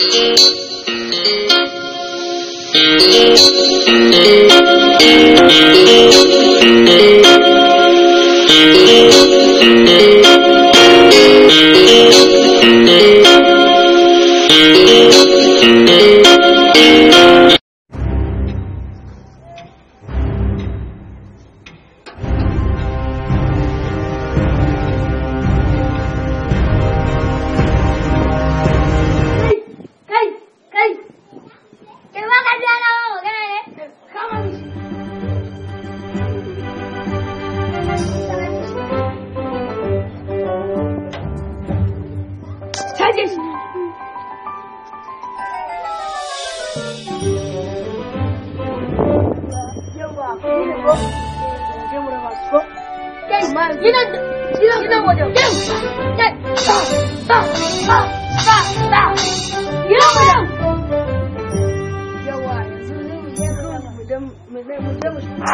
Thank you. 继续。要不，你怎么？怎么的？我说，干什么？你那个，你那个，我叫。一、二、三、三、三、三、三、三、一、二、三。要不，你是不是没怎么，没怎么，没怎么？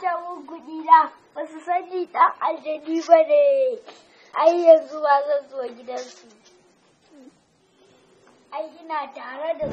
bata mun na ba su sani ɗan aljani ba ne ai yanzu ba zan zo gidansu ai ina tare da su